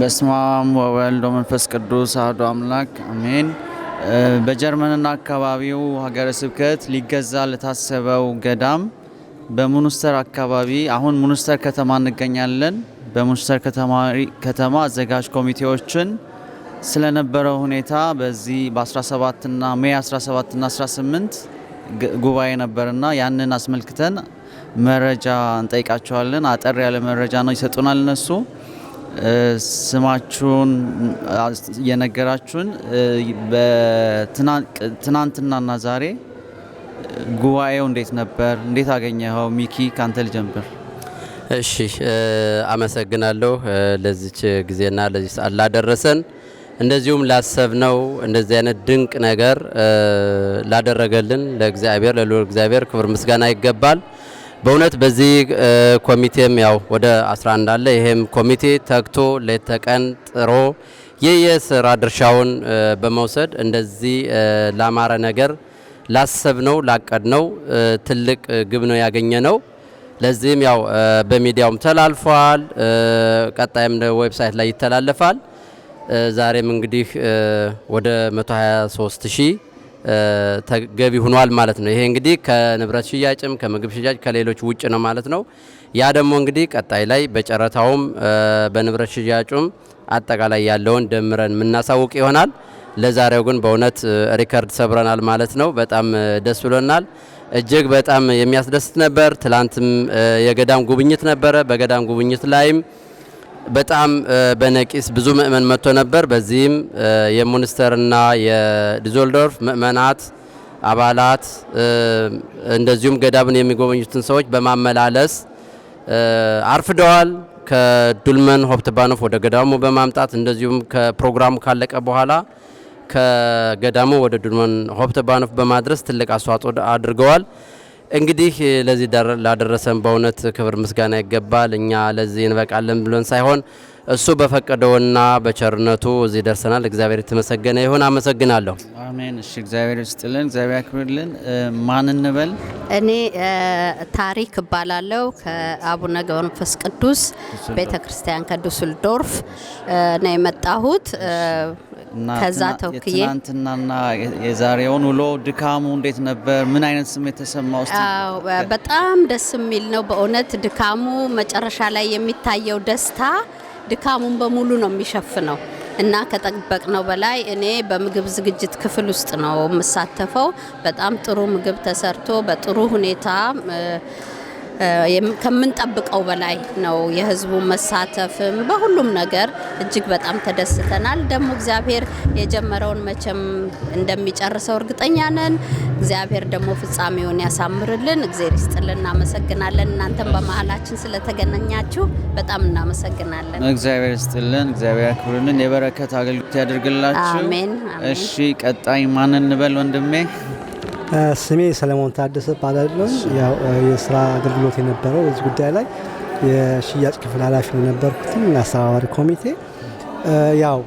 በስመ አብ ወወልድ ወመንፈስ ቅዱስ አሐዱ አምላክ አሜን። በጀርመንና አካባቢው ሀገረ ስብከት ሊገዛ ለታሰበው ገዳም በሙኑስተር አካባቢ አሁን ሙኑስተር ከተማ እንገኛለን። በሙኑስተር ከተማ አዘጋጅ ኮሚቴዎችን ስለነበረው ሁኔታ በዚህ በ17ና ሜ 17ና 18 ጉባኤ ነበርና ያንን አስመልክተን መረጃ እንጠይቃቸዋለን። አጠር ያለ መረጃ ነው ይሰጡናል እነሱ። ስማችሁን የነገራችሁን ትናንትናና ዛሬ ጉባኤው እንዴት ነበር? እንዴት አገኘኸው? ሚኪ ካንተ ልጀምር። እሺ፣ አመሰግናለሁ ለዚች ጊዜና ለዚህ ሰዓት ላደረሰን እንደዚሁም ላሰብነው እንደዚህ አይነት ድንቅ ነገር ላደረገልን ለእግዚአብሔር ለልዑል እግዚአብሔር ክብር ምስጋና ይገባል። በእውነት በዚህ ኮሚቴም ያው ወደ 11 አለ። ይሄም ኮሚቴ ተግቶ ሌት ተቀን ጥሮ የየስራ ድርሻውን በመውሰድ እንደዚህ ላማረ ነገር ላሰብነው ላቀድነው ትልቅ ግብ ነው ያገኘ ነው። ለዚህም ያው በሚዲያውም ተላልፏል፣ ቀጣይም ዌብሳይት ላይ ይተላለፋል። ዛሬም እንግዲህ ወደ 123 ሺህ ተገቢ ሆኗል ማለት ነው። ይሄ እንግዲህ ከንብረት ሽያጭም ከምግብ ሽያጭ ከሌሎች ውጭ ነው ማለት ነው። ያ ደግሞ እንግዲህ ቀጣይ ላይ በጨረታውም በንብረት ሽያጩም አጠቃላይ ያለውን ደምረን የምናሳውቅ ይሆናል። ለዛሬው ግን በእውነት ሪከርድ ሰብረናል ማለት ነው። በጣም ደስ ብሎናል። እጅግ በጣም የሚያስደስት ነበር። ትላንትም የገዳም ጉብኝት ነበረ። በገዳም ጉብኝት ላይም በጣም በነቂስ ብዙ ምእመን መጥቶ ነበር። በዚህም የሙንስተርና የዲዞልዶርፍ ምእመናት አባላት እንደዚሁም ገዳምን የሚጎበኙትን ሰዎች በማመላለስ አርፍደዋል። ከዱልመን ሆፕትባኖፍ ወደ ገዳሙ በማምጣት እንደዚሁም ከፕሮግራሙ ካለቀ በኋላ ከገዳሙ ወደ ዱልመን ሆፕትባኖፍ በማድረስ ትልቅ አስተዋጽኦ አድርገዋል። እንግዲህ ለዚህ ላደረሰን በእውነት ክብር ምስጋና ይገባል። እኛ ለዚህ እንበቃለን ብለን ሳይሆን እሱ በፈቀደውና በቸርነቱ እዚህ ደርሰናል። እግዚአብሔር የተመሰገነ ይሁን። አመሰግናለሁ። አሜን። እሺ፣ እግዚአብሔር ይስጥልን፣ እግዚአብሔር ያክብርልን። ማን እንበል? እኔ ታሪክ እባላለሁ ከአቡነ ገብረ መንፈስ ቅዱስ ቤተ ክርስቲያን ከዱስልዶርፍ ነው የመጣሁት። ከዛ ተውክዬ የዛሬውን ውሎ ድካሙ እንዴት ነበር? ምን አይነት ስሜት ተሰማ? ውስጥ በጣም ደስ የሚል ነው በእውነት ድካሙ መጨረሻ ላይ የሚታየው ደስታ ድካሙን በሙሉ ነው የሚሸፍነው እና ከጠበቅነው በላይ እኔ በምግብ ዝግጅት ክፍል ውስጥ ነው የምሳተፈው። በጣም ጥሩ ምግብ ተሰርቶ በጥሩ ሁኔታ ከምንጠብቀው በላይ ነው። የህዝቡ መሳተፍም በሁሉም ነገር እጅግ በጣም ተደስተናል። ደግሞ እግዚአብሔር የጀመረውን መቼም እንደሚጨርሰው እርግጠኛ ነን። እግዚአብሔር ደግሞ ፍጻሜውን ያሳምርልን። እግዚአብሔር ይስጥልን። እናመሰግናለን። እናንተም በመሀላችን ስለተገናኛችሁ በጣም እናመሰግናለን። እግዚአብሔር ይስጥልን። እግዚአብሔር ያክብርልን። የበረከት አገልግሎት ያደርግላችሁ። አሜን። እሺ፣ ቀጣይ ማን እንበል ወንድሜ? ስሜ ሰለሞን ታደሰ እባላለሁ። ያው የስራ አገልግሎት የነበረው እዚህ ጉዳይ ላይ የሽያጭ ክፍል ኃላፊ የነበርኩትም አስተባባሪ ኮሚቴ ያው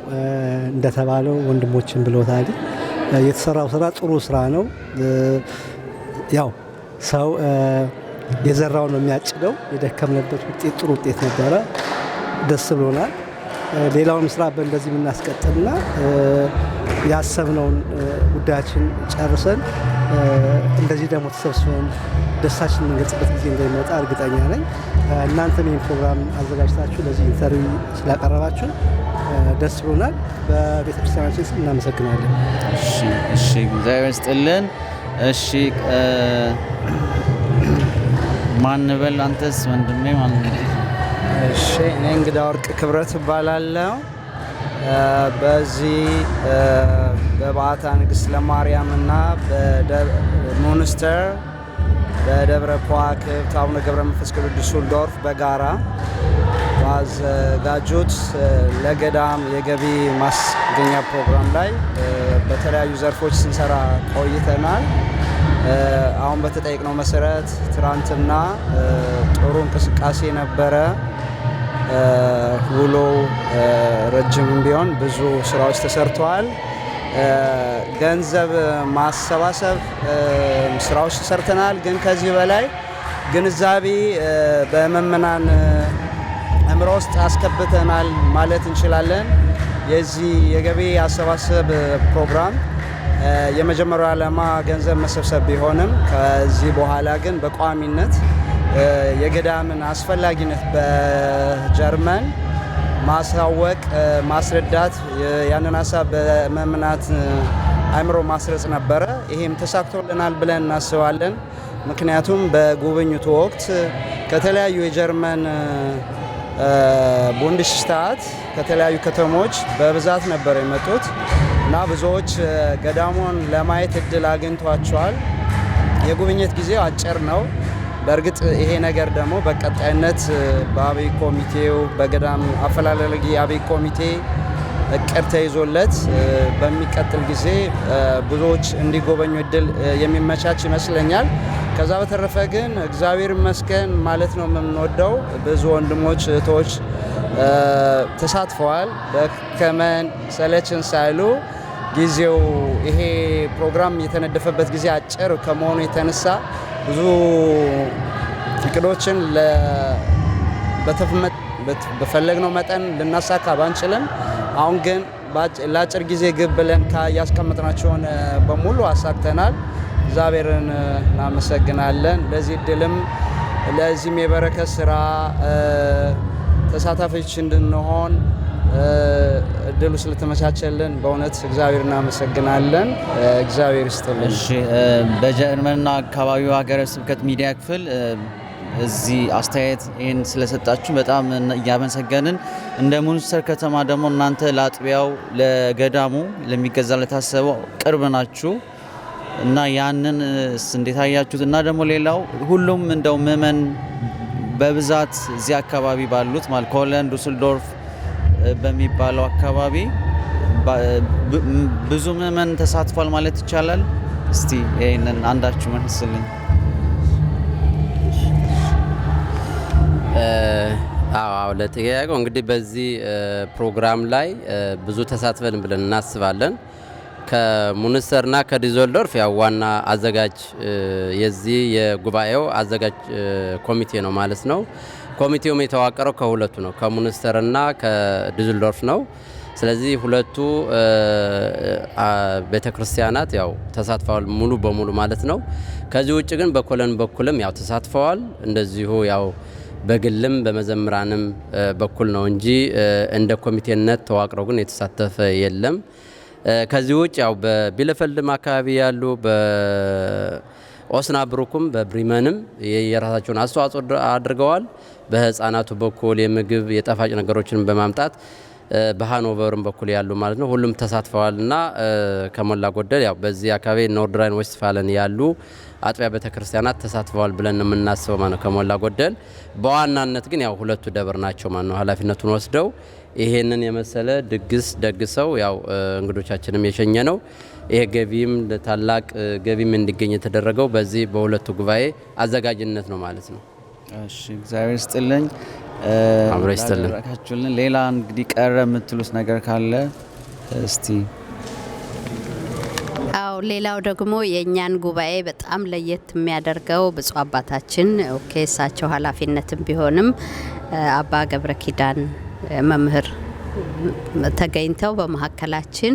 እንደተባለው ወንድሞችን ብሎታል። የተሰራው ስራ ጥሩ ስራ ነው። ያው ሰው የዘራው ነው የሚያጭደው። የደከምንበት ውጤት ጥሩ ውጤት ነበረ። ደስ ብሎናል። ሌላውንም ስራ በእንደዚህ የምናስቀጥልና ያሰብነውን ጉዳያችን ጨርሰን እንደዚህ ደግሞ ተሰብስበን ደስታችን የምንገልጽበት ጊዜ እንደሚመጣ እርግጠኛ ነኝ። እናንተም ይህን ፕሮግራም አዘጋጅታችሁ ለዚህ ኢንተርቪው ስላቀረባችሁ ደስ ብሎናል። በቤተክርስቲያናችን ስም እናመሰግናለን። እሺ፣ እግዚአብሔር ይስጥልን። እሺ፣ ማንበል አንተስ ወንድሜ? እሺ፣ እኔ እንግዳ ወርቅ ክብረት እባላለሁ። በዚህ በባታ ንግስት ለማርያም እና ሙንስተር በደብረ ከዋክብት አቡነ ገብረ መንፈስ ቅዱስ ዱስልዶርፍ በጋራ ባዘጋጁት ለገዳም የገቢ ማስገኛ ፕሮግራም ላይ በተለያዩ ዘርፎች ስንሰራ ቆይተናል። አሁን በተጠየቅነው መሰረት ትናንትና ጥሩ እንቅስቃሴ ነበረ። ውሎ ረጅም ቢሆን ብዙ ስራዎች ተሰርተዋል። ገንዘብ ማሰባሰብ ስራዎች ተሰርተናል። ግን ከዚህ በላይ ግንዛቤ በመመናን እምሮ ውስጥ አስከብተናል ማለት እንችላለን። የዚህ የገቢ አሰባሰብ ፕሮግራም የመጀመሪያው ዓላማ ገንዘብ መሰብሰብ ቢሆንም ከዚህ በኋላ ግን በቋሚነት የገዳምን አስፈላጊነት በጀርመን ማሳወቅ፣ ማስረዳት ያንን ሀሳብ በመምናት አእምሮ ማስረጽ ነበረ። ይሄም ተሳክቶልናል ብለን እናስባለን። ምክንያቱም በጉብኝቱ ወቅት ከተለያዩ የጀርመን ቡንድስታት ከተለያዩ ከተሞች በብዛት ነበር የመጡት እና ብዙዎች ገዳሙን ለማየት እድል አግኝቷቸዋል። የጉብኝት ጊዜው አጭር ነው። በእርግጥ ይሄ ነገር ደግሞ በቀጣይነት በአብይ ኮሚቴው በገዳም አፈላለጊ አብይ ኮሚቴ እቅድ ተይዞለት በሚቀጥል ጊዜ ብዙዎች እንዲጎበኙ እድል የሚመቻች ይመስለኛል። ከዛ በተረፈ ግን እግዚአብሔር ይመስገን ማለት ነው የምንወደው። ብዙ ወንድሞች እህቶች ተሳትፈዋል። ደከመን ሰለችን ሳይሉ ጊዜው ይሄ ፕሮግራም የተነደፈበት ጊዜ አጭር ከመሆኑ የተነሳ ብዙ እቅዶችን በፈለግነው መጠን ልናሳካ ባንችልም አሁን ግን ለአጭር ጊዜ ግብ ብለን ያስቀመጥናቸውን በሙሉ አሳክተናል። እግዚአብሔርን እናመሰግናለን። ለዚህ እድልም ለዚህም የበረከት ስራ ተሳታፊዎች እንድንሆን እድሉ ስለተመቻቸልን በእውነት እግዚአብሔር እናመሰግናለን። እግዚአብሔር ይስጥልን። እሺ፣ በጀርመንና አካባቢው ሀገረ ስብከት ሚዲያ ክፍል እዚህ አስተያየት ይህን ስለሰጣችሁ በጣም እያመሰገንን እንደ ሙንስተር ከተማ ደግሞ እናንተ ለአጥቢያው ለገዳሙ ለሚገዛ ለታሰበው ቅርብ ናችሁ እና ያንን እንዴት አያችሁት? እና ደግሞ ሌላው ሁሉም እንደው ምእመን በብዛት እዚህ አካባቢ ባሉት ማለት ኮለን፣ ዱስልዶርፍ በሚባለው አካባቢ ብዙ ምዕመን ተሳትፏል ማለት ይቻላል። እስቲ ይህንን አንዳችሁ መልስልኝ። አዎ ለጥያቄው እንግዲህ በዚህ ፕሮግራም ላይ ብዙ ተሳትፈን ብለን እናስባለን። ከሙንስተርና ከዲዞልዶርፍ ያው ዋና አዘጋጅ የዚህ የጉባኤው አዘጋጅ ኮሚቴ ነው ማለት ነው። ኮሚቴውም የተዋቀረው ከሁለቱ ነው፣ ከሙንስተርና ከዱዝልዶርፍ ነው። ስለዚህ ሁለቱ ቤተክርስቲያናት ያው ተሳትፈዋል ሙሉ በሙሉ ማለት ነው። ከዚህ ውጭ ግን በኮለን በኩልም ያው ተሳትፈዋል እንደዚሁ ያው በግልም በመዘምራንም በኩል ነው እንጂ እንደ ኮሚቴነት ተዋቅረው ግን የተሳተፈ የለም። ከዚህ ውጭ ያው በቢለፈልድም አካባቢ ያሉ ኦስና ብሩኩም በብሪመንም የራሳቸውን አስተዋጽኦ አድርገዋል። በህፃናቱ በኩል የምግብ የጠፋጭ ነገሮችን በማምጣት በሃኖቨርም በኩል ያሉ ማለት ነው ሁሉም ተሳትፈዋል እና ከሞላ ጎደል ያው በዚህ አካባቢ ኖርድራይን ራይን ያሉ አጥቢያ ቤተክርስቲያናት ተሳትፈዋል ብለን ነው የምናስበው ማለት ነው ከሞላ ጎደል። በዋናነት ግን ያው ሁለቱ ደብር ናቸው ማለት ነው ኃላፊነቱን ወስደው ይሄንን የመሰለ ድግስ ደግሰው ያው እንግዶቻችንም የሸኘ ነው ይሄ ገቢም ለታላቅ ገቢም እንዲገኝ የተደረገው በዚህ በሁለቱ ጉባኤ አዘጋጅነት ነው ማለት ነው። እሺ እግዚአብሔር ይስጥልኝ። አብሮ ይስጥልን። ሌላ እንግዲህ ቀረ የምትሉት ነገር ካለ እስቲ አዎ ሌላው ደግሞ የእኛን ጉባኤ በጣም ለየት የሚያደርገው ብፁዕ አባታችን ኦኬ እሳቸው ኃላፊነትም ቢሆንም አባ ገብረ ኪዳን መምህር ተገኝተው በመካከላችን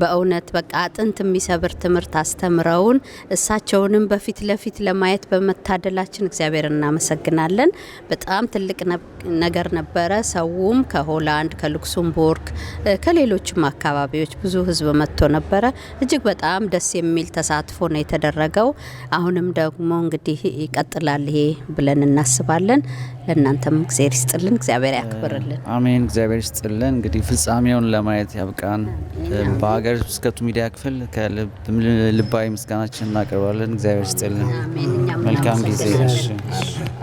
በእውነት በቃ አጥንት የሚሰብር ትምህርት አስተምረውን እሳቸውንም በፊት ለፊት ለማየት በመታደላችን እግዚአብሔር እናመሰግናለን። በጣም ትልቅ ነገር ነበረ። ሰውም ከሆላንድ፣ ከሉክስምቡርግ፣ ከሌሎችም አካባቢዎች ብዙ ህዝብ መጥቶ ነበረ። እጅግ በጣም ደስ የሚል ተሳትፎ ነው የተደረገው። አሁንም ደግሞ እንግዲህ ይቀጥላል ይሄ ብለን እናስባለን። ለእናንተም እግዚአብሔር ይስጥልን፣ እግዚአብሔር ያክብርልን። አሜን። እግዚአብሔር ይስጥልን። እንግዲህ ፍጻሜውን ለማየት ያብቃን። በሀገር ስብከቱ ሚዲያ ክፍል ልባዊ ምስጋናችን እናቀርባለን። እግዚአብሔር ስጥልን። መልካም ጊዜ።